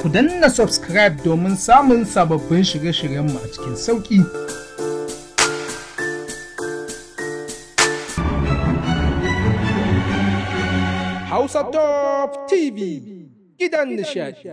ku danna subscribe domin samun sababbin shirye-shiryenmu a cikin sauƙi. Hausa Top TV gidan nishadi.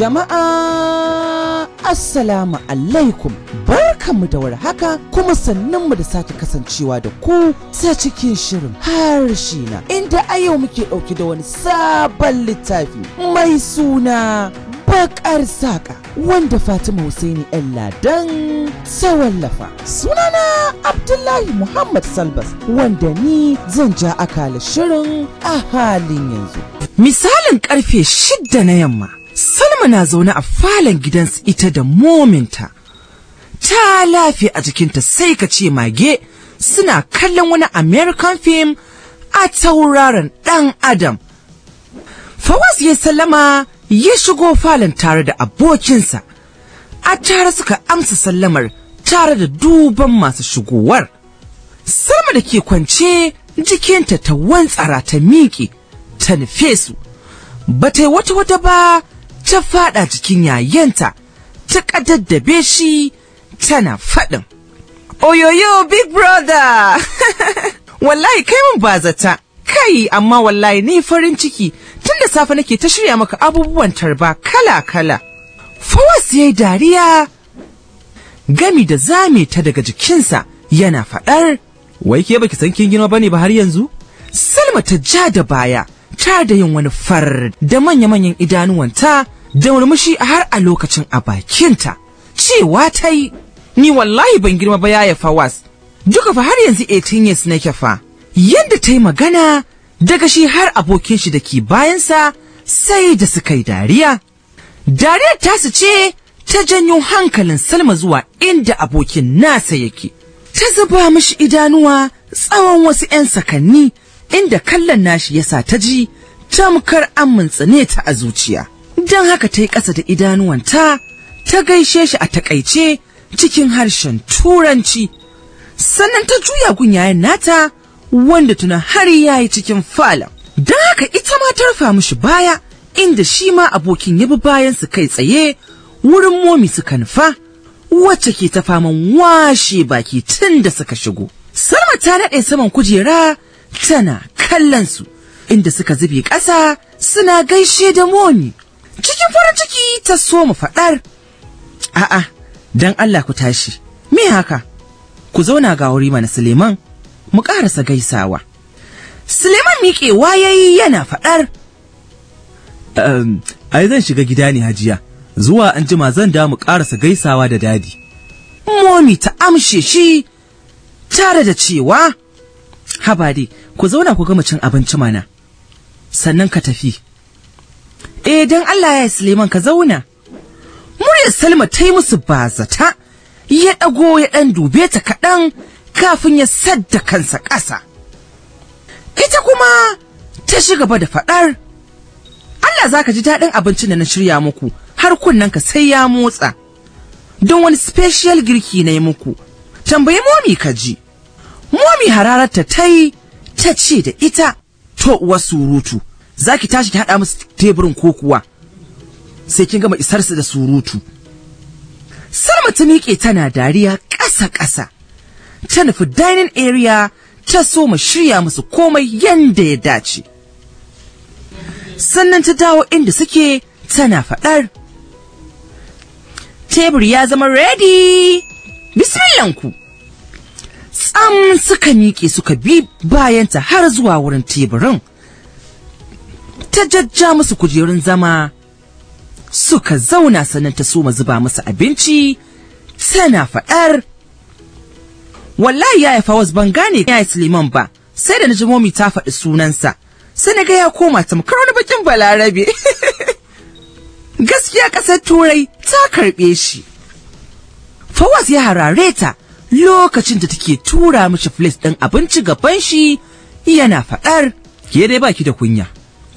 Jama'a Assalamu alaikum barkanmu da haka kuma sannanmu da sake kasancewa da ku ta cikin shirin harshe na inda a yau muke ɗauke da wani sabon littafi mai suna bakar saƙa wanda Fatima Hussaini ‘yan ladan ta wallafa. Sunana Abdullahi Muhammad Salbas wanda ni zan ja akala shirin a halin yanzu. Misalin karfe shidda na yamma. Salma na zaune a falon gidansu ita da mominta. Ta lafiya a jikinta sai ka ce mage suna kallon wani American film a tauraron ɗan Adam. Fawaz ya sallama ya shigo falon tare da abokinsa. A tare suka amsa sallamar tare da duban masu shigowar. Salma da ke kwance jikinta ta wantsara ta miƙe ta nufe su. Ba ta yi wata wata ba ta fada cikin yayanta ta kadaddabe shi tana faɗin. Oyoyo big brother! wallahi kai mun bazata, kai amma wallahi ni farin ciki tun da safe nake ta shirya maka abubuwan tarba kala-kala. Fawas ya yi dariya gami da zame ta daga jikinsa yana faɗar. Wai ke baki san kin ba ne ba har yanzu? Salma ta ja da baya, ta da yin wani far da manya-manyan idanuwanta da murmushi har a lokacin a bakinta cewa ta yi ni wallahi ban girma ba ya fawas duka fa har yanzu 18 years nake fa yadda ta yi magana daga shi har abokin shi da ke bayansa sai da suka yi dariya dariyar tasu ce ta janyo hankalin salma zuwa inda abokin nasa yake ta zuba mishi idanuwa tsawon wasu 'yan sakanni inda kallon nashi yasa ta ji tamkar an mintsine ta a zuciya don haka ta yi ƙasa da idanuwanta ta gaishe shi a takaice cikin harshen turanci sannan ta juya gunyayen nata wanda tuna har ya yi cikin falon don haka ita ma ta rufa mishi baya inda shi ma abokin ya bi bayan su kai tsaye wurin momi suka nufa wacce ke ta faman washe baki tun da suka shigo salma ta naɗe saman kujera tana kallon su inda suka zube ƙasa suna gaishe da momi cikin farin ciki ta so mu faɗar a'a don Allah ku tashi me haka ku zauna ga wuri mana Suleiman mu ƙarasa gaisawa Suleiman miƙe yayi yana faɗar um, ai zan shiga gida ne hajiya zuwa an jima zan da mu ƙarasa gaisawa da dadi momi ta amshe shi tare da cewa habade ku zauna ku gama cin abinci mana sannan ka tafi eh don Allah ya Suleiman ka zauna muryar Salma ta yi musu bazata ya ɗago ya ɗan dube ta kaɗan kafin ya sadda kansa ƙasa ita kuma ta shi gaba da faɗar Allah za ka ji daɗin abincin da na shirya muku har ka sai ya motsa don wani special girki na yi muku tambayi momi ka ji momi hararar ta yi ta ce da ita to uwar surutu Zaki tashi ki haɗa musu teburin ko kuwa sai kin gama isar su da surutu sar ta miƙe tana dariya ƙasa-ƙasa ta nufi dining area ta so mu shirya musu komai yanda ya dace sannan ta dawo inda suke tana faɗar tebur ya zama ready bismillanku tsam suka miƙe suka bi bayanta har zuwa wurin teburin ta jajja musu kujerun zama suka zauna sannan ta soma zuba musu abinci tana faɗar wallahi ya yafa wasu ban gane ya Suleiman ba sai da na ji momi ta faɗi sunansa sai na ga ya koma ta wani bakin balarabe gaskiya ƙasar turai ta karɓe shi fawaz ya harare ta lokacin da take tura mishi flis ɗin abinci gaban shi yana faɗar ke dai baki da kunya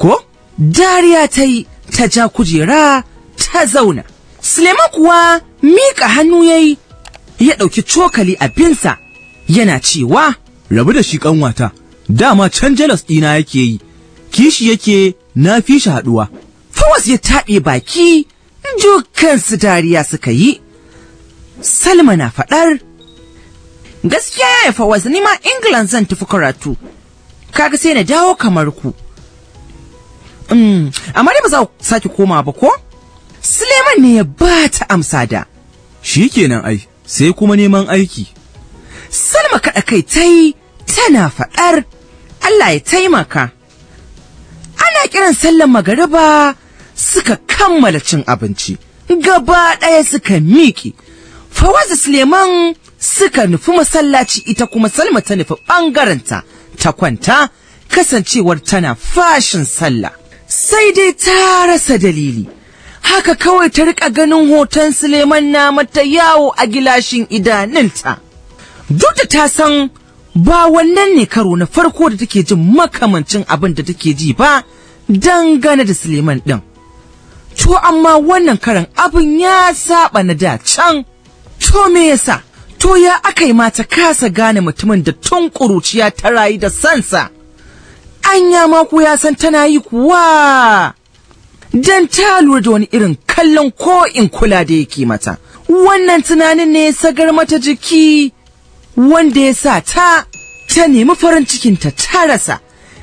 ko dariya ta yi ta ja kujera ta zauna suleiman kuwa miƙa hannu ya yi ya ɗauki cokali abinsa yana cewa rabu da shi ƙanwata dama can jalas ɗina yake yi kishi yake na fi shi haɗuwa fawas ya taɓe baki dukansu dariya suka yi salma na faɗar gaskiya ya yi fawas ni ma Ingilan zan tafi karatu kaga sai na dawo kamar ku Mm. amma dai ba za ku sake koma ba ko suleiman ne ya ba ta amsa da shikenan ai sai kuma neman aiki salma kaɗa kai ta yi tana faɗar allah ya taimaka ana kiran sallan magariba suka kammala cin abinci gaba ɗaya suka miƙi fawaza suleiman suka nufi masallaci ita kuma salma ta nufi ta ta kwanta kasancewar tana fashin sallah sai dai ta rasa dalili haka kawai ta rika ganin hoton suleiman na mata yawo a gilashin idanunta duk da ta san ba wannan ne karo na farko da take jin makamancin abin da take ji ba dangane da suleiman ɗin to amma wannan karan abin ya saba na da can to me yasa to ya aka yi mata kasa gane mutumin da tun ƙuruciya ta rayu da sansa anya ma ko ya san tana yi kuwa dan ta lura da wani irin kallon ko in kula da yake mata wannan tunanin ne ya sagar mata jiki wanda ya sa ta ta nemi farin cikin ta ta rasa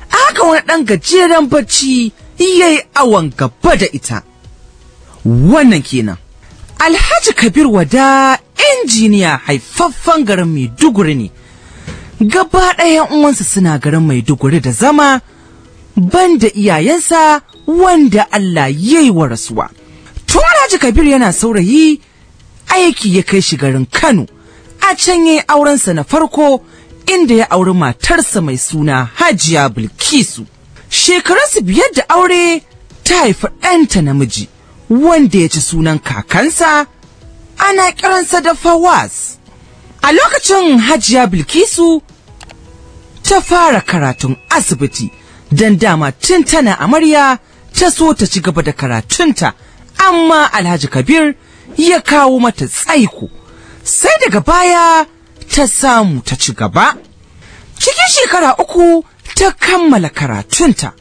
aka wani ɗan gajeren bacci yayi yi awon gaba da ita wannan kenan alhaji kabir wada injiniya haifaffen garin maiduguri ne gaba yan uwansa suna garin mai maiduguri da zama banda iyayensa wanda Allah ya yi wa rasuwa tun Alhaji Kabir yana saurayi aiki ya kai shi garin Kano a can ya yi aurensa na farko inda ya auri matarsa mai suna Hajiya Bilkisu shekarunsu biyar da aure ta haifi ɗanta namiji wanda ya ci sunan kakansa ana kiransa da Fawaz. A lokacin Hajiya Bilkisu ta fara karatun asibiti don dama tun tana amarya ta so ta ci gaba da karatunta amma alhaji kabir ya kawo mata tsaiko sai daga baya ta samu ta ci gaba cikin shekara uku ta kammala karatunta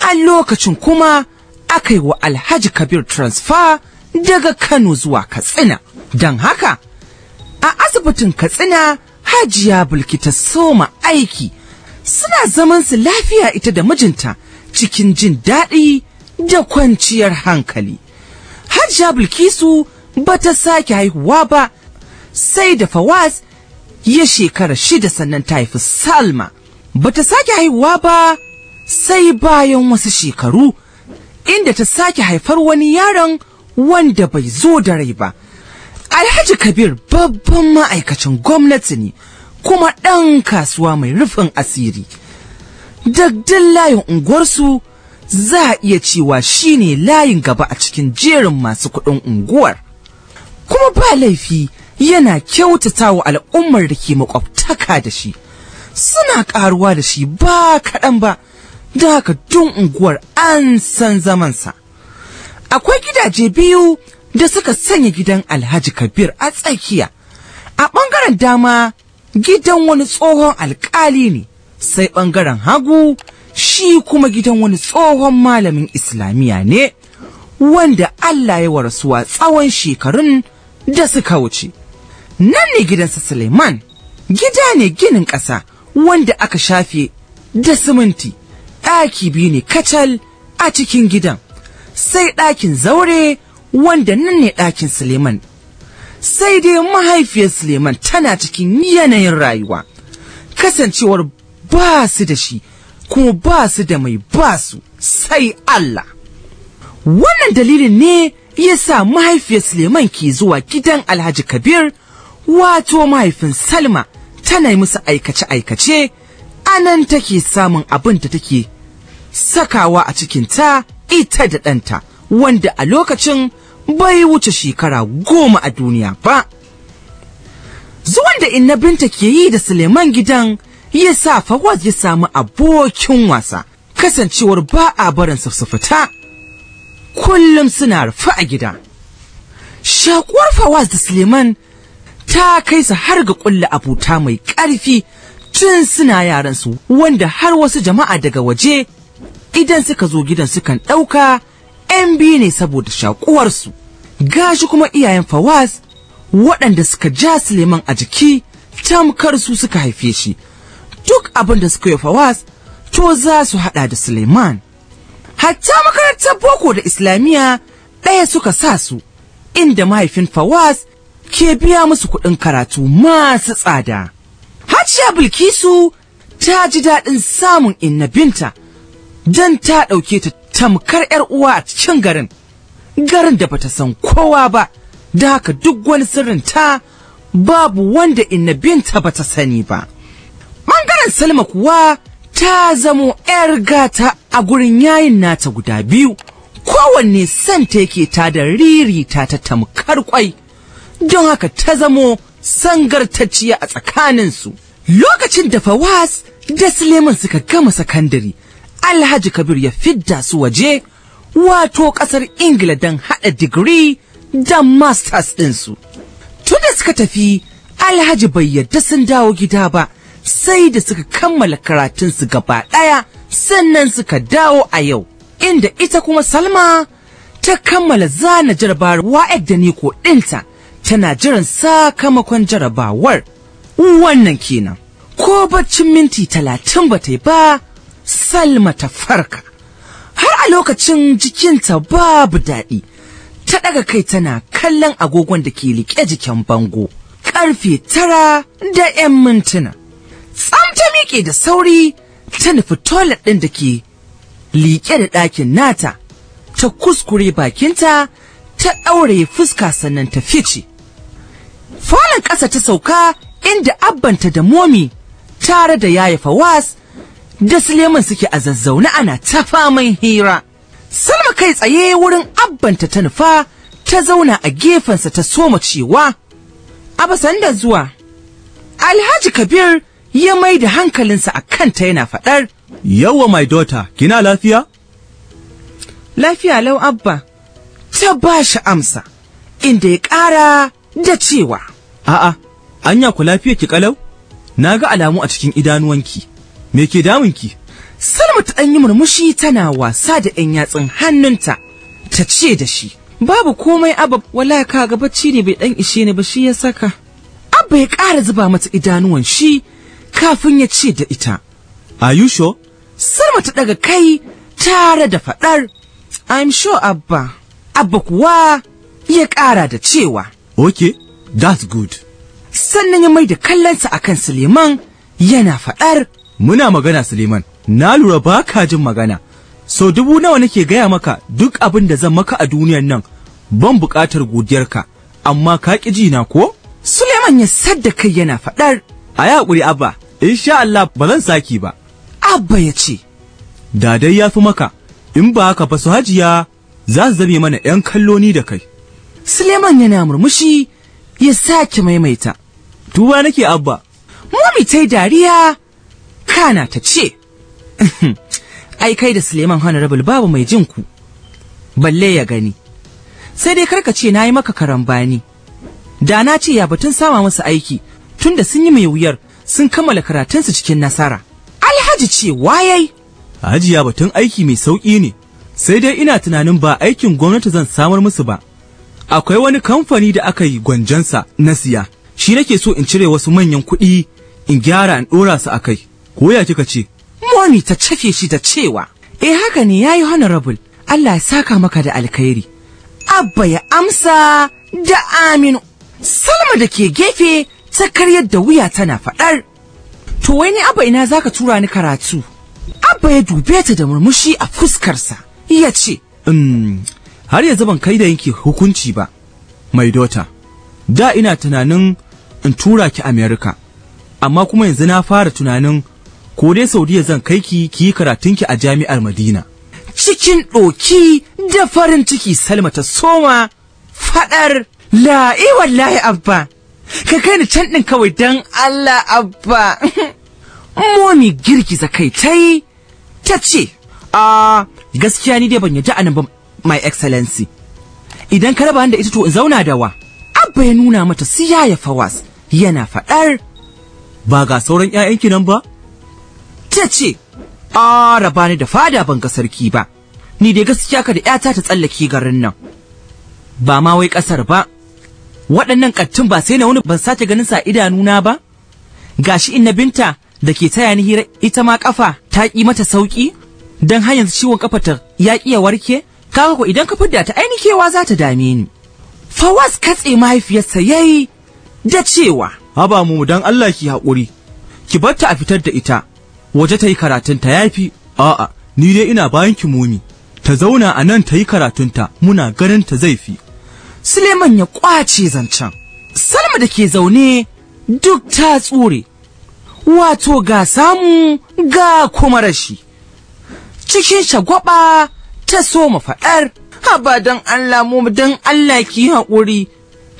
a lokacin kuma aka yi wa alhaji kabir transfer daga kano zuwa katsina don haka a asibitin katsina hajiya bulki ta soma aiki suna zaman su lafiya ita da mijinta cikin jin daɗi da kwanciyar hankali. Hajiya Bilkisu ba ta sake haihuwa ba sai da Fawaz ya shekara shida sannan ta haifi Salma. Ba ta sake haihuwa ba sai bayan wasu shekaru inda ta sake haifar wani yaron wanda bai zo da rai ba. Alhaji Kabir babban ma'aikacin gwamnati ne. kuma ɗan kasuwa mai rufin asiri dagdan layin unguwarsu za a iya cewa shi ne layin gaba a cikin jerin masu kuɗin unguwar kuma ba laifi yana kyautata wa al'ummar da ke makwabtaka da shi suna ƙaruwa da shi ba kaɗan ba da haka tun unguwar an san zamansa akwai gidaje biyu da suka sanya gidan alhaji kabir a tsakiya a ɓangaren dama gidan wani tsohon alƙali ne sai ɓangaren hagu shi kuma gidan wani tsohon malamin islamiyya ne wanda Allah ya warasuwa tsawon shekarun da suka wuce. Nan ne gidansa Suleiman, gida ne ginin ƙasa wanda aka shafe da siminti, ɗaki biyu ne kacal a cikin gidan, sai ɗakin zaure wanda nan ne ɗakin Suleiman sai dai mahaifiyar Suleiman tana cikin yanayin rayuwa kasancewar ba su da shi kuma ba su da mai ba su sai Allah wannan dalilin ne ya sa mahaifiyar Suleiman ke zuwa gidan Alhaji Kabir wato mahaifin Salma tana yi musu aikace-aikace anan take samun abin da take sakawa a cikin ta ita da ɗanta wanda a lokacin bai wuce shekara goma a duniya ba. Zuwan da inna binta ke yi da Suleiman gidan ya sa Fawaz ya samu abokin wasa, kasancewar ba a barin su fita. Kullum suna rufe a gida. Shakuwar Fawaz da Suleiman ta kai su har ga ƙulla abuta mai ƙarfi tun suna yaransu wanda har wasu jama'a daga waje idan suka zo gidan sukan ɗauka 'yan biyu ne saboda shakuwarsu gashi kuma iyayen Fawas waɗanda suka ja suleiman a jiki tamkar su suka haife shi duk abin da suka yi fawaz to za su haɗa da suleiman hatta makarantar boko da islamiyya ɗaya suka sa su inda mahaifin Fawas ke biya musu kuɗin karatu masu tsada hajiya bilkisu ta ji daɗin samun inna binta don ta ɗauke ta tamkar ‘yar uwa a cikin garin, garin da bata san kowa ba, da haka duk wani sirrin ta babu wanda inna binta bata sani ba. Ɓangaren Salma kuwa ta zamo ‘yar gata a gurin yayin nata guda biyu, kowanne santa yake ta da riri ta ta tamkar kwai, don haka ta zamo sangartacciya a tsakaninsu. Lokacin da Fawaz da Suleiman suka gama sakandare, Alhaji Kabir ya fidda su waje wato kasar Ingila don haɗa digiri da masters ɗinsu. Tun da suka tafi Alhaji bai yarda sun dawo gida ba sai da suka kammala karatunsu gaba ɗaya sannan suka dawo a yau inda ita kuma Salma ta kammala zana jarabar wa'ad da niko ɗinta tana jiran sakamakon jarabawar wannan kenan ko baccin minti talatin ba ta yi ba salma ta farka har a lokacin jikinta babu daɗi ta ɗaga kai tana kallon agogon da ke liƙe jikin bango ƙarfe tara da 'yan mintuna tsam ta miƙe da sauri ta nufi toilet ɗin da ke liƙe da ɗakin nata ta kuskure bakinta ta ɗaure fuska sannan ta fice falon ƙasa ta sauka inda abbanta da momi tare da yaya fawas da Suleiman suke a zazzaune ana ta faman hira. Salma kai tsaye wurin abbanta ta nufa ta zauna a gefensa ta soma cewa, basan da zuwa, Alhaji Kabir ya mai da hankalinsa a kanta yana faɗar. Yawa my daughter, kina lafiya? Lafiya lau abba, ta ba shi amsa, inda ya ƙara da cewa. A'a, anya ku lafiya ki ƙalau? Na ga alamu a cikin idanuwanki. me ke damun ki? salma ta ɗan yi murmushi tana wasa da 'yan yatsun hannunta ta ce da shi babu komai abab, wallahi ka ga bacci ne bai ɗan ishe ni ba shi ya saka abba ya ƙara zuba mata idanuwan shi kafin ya ce da ita are you sure salma ta daga kai tare da faɗar i'm sure abba abba kuwa ya ƙara da cewa okay that's good sannan ya mai da kallonsa akan suleiman yana faɗar muna magana Suleiman na lura ba ka jin magana so dubu nawa nake gaya maka duk abin da zan maka a duniyar nan ban buƙatar ka. amma ka ƙi ji na ko Suleiman ya sadda kai yana faɗar a haƙuri abba insha Allah ba zan saki ba abba ya ce da dai ya fi maka in ba haka ba su hajiya za su zame mana 'yan kalloni da kai Suleiman yana murmushi ya sake maimaita tuba nake abba Mami ta dariya kana ta ce uhm, ai kai da Suleiman Honorable babu mai jin ku balle ya gani sai dai karka ce na yi maka karambani da na ce ya batun sama masu aiki tunda sun yi mai wuyar sun kammala karatunsu cikin nasara Alhaji ce wayai Hajiya batun aiki mai sauƙi ne sai dai ina tunanin ba aikin gwamnati zan samar musu ba akwai wani kamfani da aka yi gwanjansa na siya shi nake so in cire wasu manyan kuɗi in gyara in ɗora su a kai Koya kika ce moni ta cafe shi da cewa eh haka ne Ya yi honorable Allah ya saka maka da alkhairi abba ya amsa da aminu salma da ke gefe ta karyar da wuya tana faɗar to wai ni abba ina zaka tura ni karatu abba ya dube ta da murmushi a fuskarsa ya ce umm, har yanzu ban kai da yanke hukunci ba mai dota da ina tunanin in tura ki Amerika, amma kuma yanzu na fara tunanin ko dai saudiya zan kai ki ki yi ki a jami'ar madina cikin ɗoki da farin ciki salma ta soma faɗar la'i eh, wallahi abba ka kai ni can ɗin kawai don allah abba momi girgiza kai ta yi ta ce a gaskiya ni dai ban yaji anan ba my excellency idan ka raba da ita to in zauna da wa abba ya nuna mata siya ya fawas yana faɗar ba ga sauran 'ya'yanki nan ba ta ce a raba ni da fada ban ga sarki ba ni dai gaskiya ka da ƴata ta tsallake garin nan ba ma wai ƙasar ba waɗannan ƙattun ba sai na wani ban sace ganin sa idanuna ba gashi inna binta da ke taya ni hira ita ma ƙafa ta ƙi mata sauƙi don har yanzu ciwon kafa ta ya ƙi ya warke kaga ko idan ka fidda ta ainikewa za ta dame ni Fawas katse mahaifiyarsa yayi da cewa haba mu dan Allah ki haƙuri ki bar ta a fitar da ita waje ta yi karatunta ya fi a'a ni dai ina bayan kimomi ta zauna a nan ta yi karatunta muna ganin ta zai fi suleiman ya kwace zancen salma da ke zaune duk ta tsure wato ga samu ga kuma rashi cikin shagwaba ta so mu faɗar haba don Allah mu don Allah ki haƙuri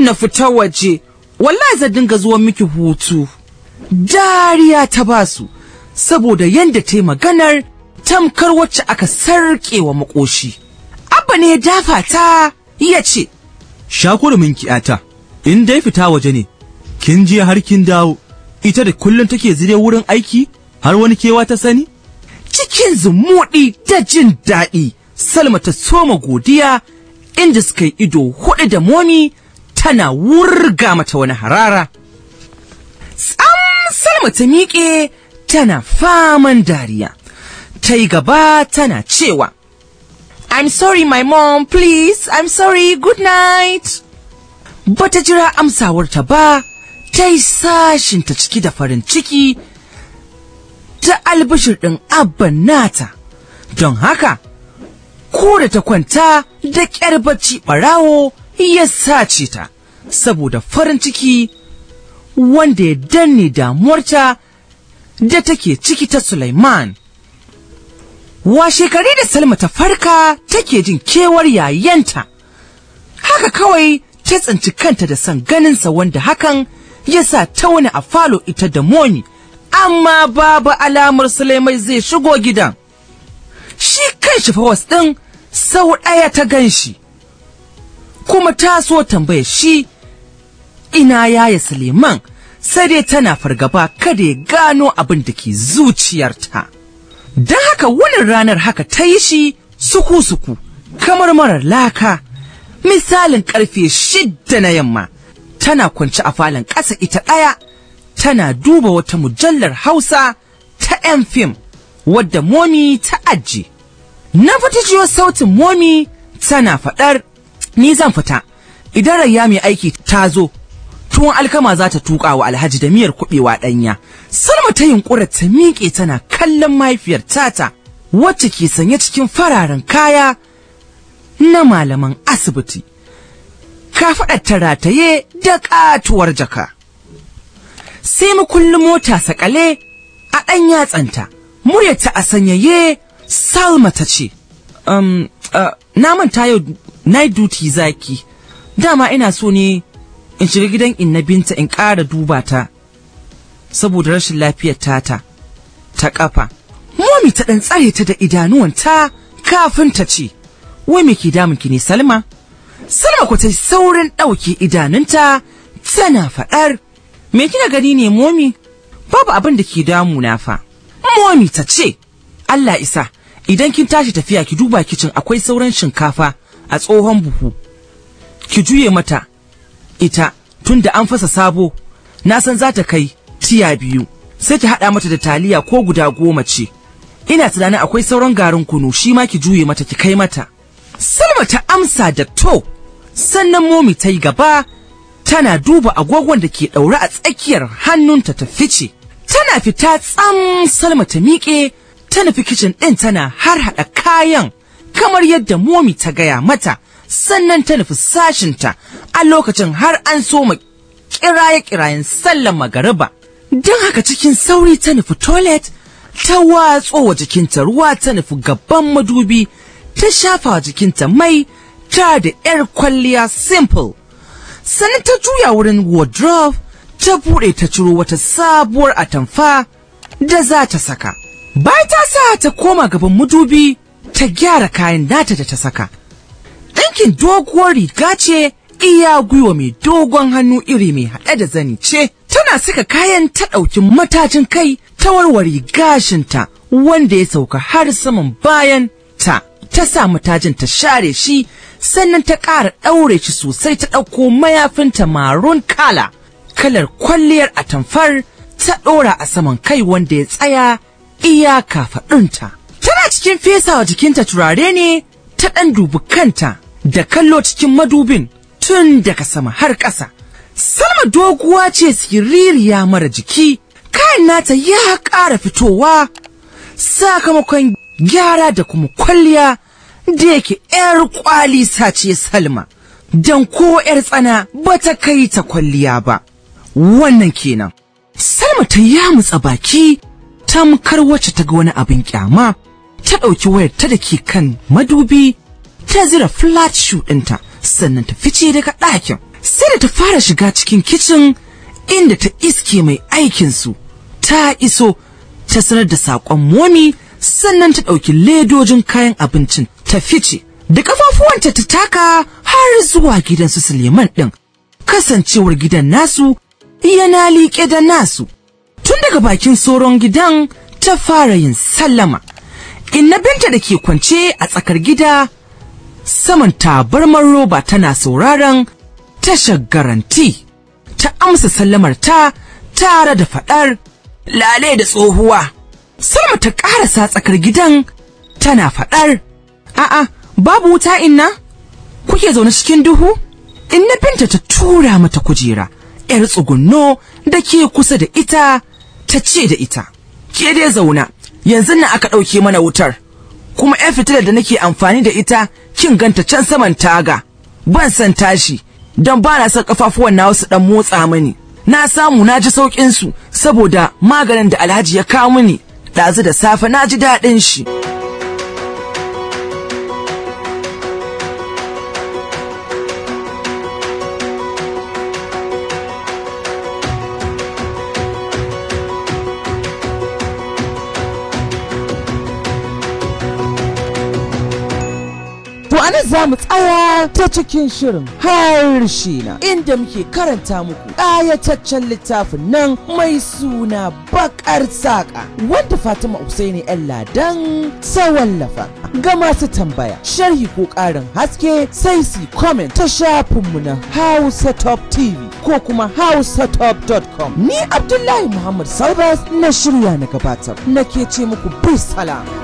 na fita waje wallahi zan dinga zuwa miki hutu dariya ta basu saboda yadda ta maganar tamkar wacce aka wa makoshi. Abba ne ya dafa ta ya ce, min kiyata, in dai fita waje ne, kin ji har kin dawo, ita da kullum take zire wurin aiki har wani kewa ta sani? Cikin zumuɗi da jin daɗi, Salma ta soma godiya inda suka yi ido huɗu da momi tana wurga mata wani harara. Tsam Salma ta miƙe tana faman dariya ta yi gaba tana cewa I'm sorry my mom please I'm sorry good night bata jira amsawar ta ba ta yi sashin ta ciki da farin ciki ta albishir ɗin abban nata don haka ko da ta kwanta da ƙyar bacci ɓarawo ya sace ta saboda farin ciki wanda ya danne damuwarta da take ciki ta Sulaiman. Washekari da Salma ta farka take jin kewar yayanta, haka kawai ta tsinci kanta da san ganinsa wanda hakan ya sa ta wani a falo ita da moni amma babu alamar Suleiman zai shigo gidan. Shi kan shi fawas ɗin sau ɗaya ta gan shi, kuma ta so tambaya shi ina yaya Suleiman. sai dai tana fargaba kada ya gano abin da ke zuciyarta. Don haka wani ranar haka ta yi shi suku-suku kamar marar laka. Misalin karfe shidda na yamma tana kwanci a falon ƙasa ita ɗaya tana duba wata mujallar Hausa ta 'yan fim wadda momi ta aji. Na fita jiyo sautin momi tana faɗar ni zan fita idan rayya mai aiki ta zo tuwon alkama za ta tuƙa wa alhaji da miyar kuɓewa ɗanya salma ta yunƙura ta miƙe tana kallon mahaifiyar tata wacce ke sanye cikin fararen kaya na malaman asibiti kafaɗar ta rataye da ƙatuwar jaka sai mu kullum mota saƙale a ɗan yatsanta muryarta a sanyaye salma ta ce um, uh, na manta yau night duty zaki dama ina so ne in shiga gidan inna binta in ƙara duba ta saboda rashin lafiyar tata ta ƙafa momi ta ɗan tsare ta da idanuwanta kafin ta ce wai me ke damun ki ne salma salma ku ta saurin ɗauke idanunta tana faɗar me kina gani ne momi babu abin da ke damu na fa momi ta ce allah isa idan kin tashi tafiya ki duba kicin akwai sauran shinkafa a tsohon buhu ki juye mata ita tunda an fasa sabo na san za ta kai tiya biyu sai ki haɗa mata da taliya ko guda goma ce ina tunanin akwai sauran garin kunu shi ma ki juye mata ki kai mata salma ta amsa da to sannan momi ta yi gaba tana duba agogon da ke ɗaure a tsakiyar hannunta ta fice tana fita tsam salma ta miƙe ta nufi kicin ɗin tana har haɗa kayan kamar yadda momi ta gaya mata sannan ta nufi sashinta a lokacin har an so mu kiraye-kirayen sallan magariba. Don haka cikin sauri ta nufi toilet, ta watso wa jikinta ruwa ta nufi gaban madubi, ta shafa wa jikinta mai, ta da 'yar kwalliya simple. Sannan ta juya wurin wardrobe, ta buɗe ta ciro wata sabuwar atamfa da za ta saka. Bayan ta sa ta koma gaban madubi, ta gyara kayan nata da ta saka. Ɗinkin doguwar riga ce, iya gwiwa mai dogon hannu iri mai haɗe da zani ce tana saka kayan ta ɗauki matacin kai ta warware gashinta wanda ya sauka har saman bayan ta ta sa matajin ta share shi sannan ta ƙara ɗaure shi sosai ta ɗauko mayafinta maroon kala kalar kwalliyar atamfar ta ɗora a saman kai wanda ya tsaya iya kafaɗinta tana cikin fesawa jikinta turare ne ta ɗan dubi kanta da kallo cikin madubin tun daga sama har ƙasa. Salma doguwa ce siririya mara jiki, kayan nata ya ƙara fitowa sakamakon gyara da kuma kwalliya da yake ‘yar kwali sace Salma, don ko ‘yar tsana ba ta kai ta kwalliya ba. Wannan kenan. Salma ta yamutsa baki tamkar wacce ta ga wani abin ƙyama, ta ɗauki wayar ta da ke kan madubi, ta zira flat shoe ɗinta. sannan ta fice daga ɗakin sai da ta fara shiga cikin kicin inda ta iske mai aikin su ta iso ta sanar da saƙon momi sannan ta ɗauki ledojin kayan abincin ta fice da ƙafafuwanta ta taka har zuwa gidan su suleiman ɗin kasancewar gidan nasu yana liƙe da nasu tun daga bakin soron gidan ta fara yin sallama inna binta da ke kwance a tsakar gida saman tabarmar roba tana sauraron tashar garanti ta amsa sallamar ta tare da faɗar lale da tsohuwa salma ta ƙarasa tsakar gidan tana faɗar a'a babu wuta inna kuke zaune cikin duhu inna binta ta tura mata kujera yar tsugunno da ke kusa da ita ta ce da ita ke dai zauna yanzu na aka ɗauke mana wutar kuma 'yan fitilar da nake amfani da ita kin ganta can saman taga ban san tashi don ba na son kafafuwan na wasu dan motsa mani na samu na ji saukin su saboda maganin da alhaji ya kawo mini ɗazu da safe na ji daɗin shi. za mu tsaya ta cikin shirin harshe na inda muke karanta muku ƙayataccen littafin nan mai suna bakar saƙa wanda Fatima Usaini ‘yan ladan ta wallafa. Ga masu tambaya, sharhi ko ƙarin haske sai su comment ta shafinmu na Hausa Top TV ko kuma dot com. Ni Abdullahi Muhammad Salbas na shirya na gabatar, nake ce muku bisalam.